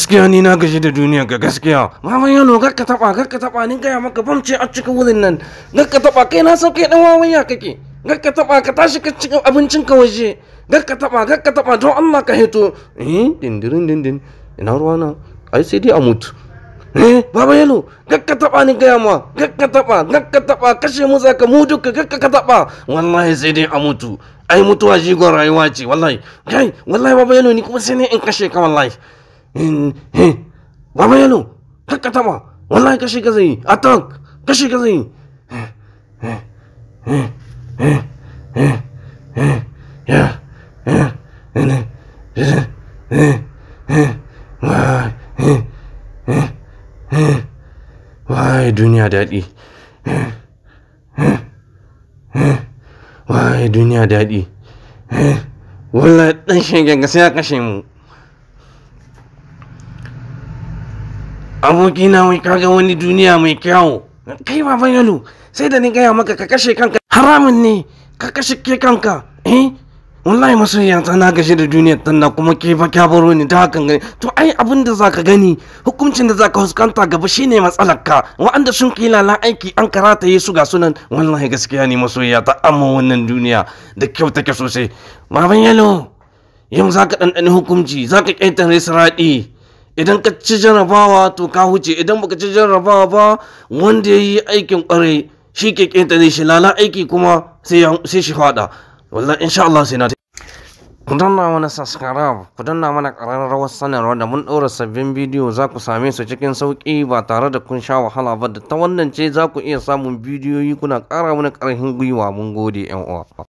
gaskiya ni na gaji da duniya ga gaskiya wawan yano gar ka taba gar ka taba ni gaya maka bamce a cikin wurin nan gar ka taba kai na sauke dan wawan ya kake gar ka taba ka tashi ka cikin abincin ka waje gar ka taba gar ka taba don Allah ka heto eh dindirin dindin ina ruwana ai sai dai a mutu eh baba yalo gakka taba ni gaya ma gakka taba gakka taba kashe mu zaka mu duka gakka ka taba wallahi sai dai a mutu ai mutuwa jigon rayuwa ce wallahi kai wallahi baba yano ni kuma sai ne in kashe ka wallahi baba yalo har ka taba wallahi kashe ka zai a tank kashe ka zai Wai duniya daɗi. Wai duniya daɗi. Wallahi sai ya kashe mu. abokina wai kaga wani duniya mai kyau? kai ba yalo sai da ni gaya maka ka kashe kanka haramun ne ka kashe ke kanka eh wallahi masoyiya ta na gashi da duniyar tanna kuma ke fa kya baro ta hakan gani to ai abin da zaka gani hukuncin da zaka huskanta gaba shine matsalar ka wa'anda sun kila la aiki an karata yi su ga sunan wallahi gaskiya ne masoyiya ta amma wannan duniya da kyau take sosai baban yalo yau zaka ɗanɗani hukunci zaka ƙetare raɗi idan ka ci jarabawa to ka huce idan baka ci jarabawa ba wanda yayi aikin kwarai shi ke kenta ne shi lala aiki kuma sai shi fada wallahi insha Allah sai na ku danna mana subscribe ku danna mana ƙararrawar sanarwa da mun ɗora sabbin bidiyo za ku same su cikin sauƙi ba tare da kun sha wahala ba da ta wannan ce za ku iya samun bidiyoyi kuna ƙara mana ƙarfin gwiwa mun gode 'yan uwa